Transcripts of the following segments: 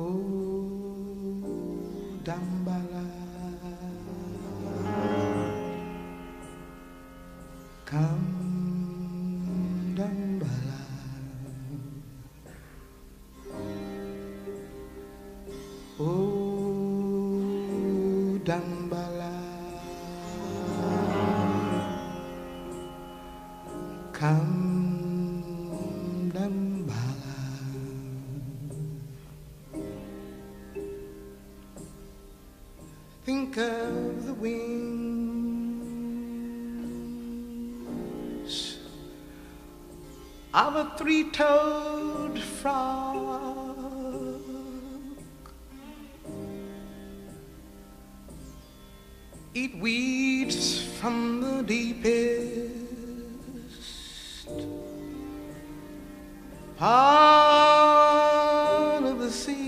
Oh, Dambala Come Dambala Oh Dambala Come Dambala think of the wings of a three-toed frog. Eat weeds from the deepest part of the sea.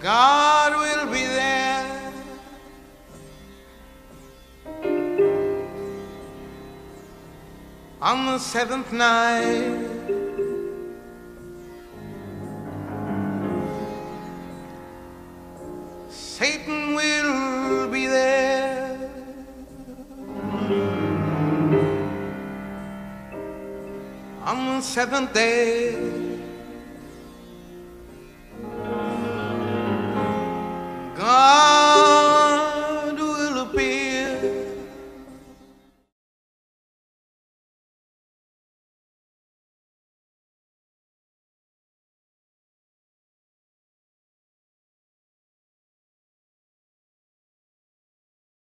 God will be there. On the seventh night, Satan will be there. On the seventh day,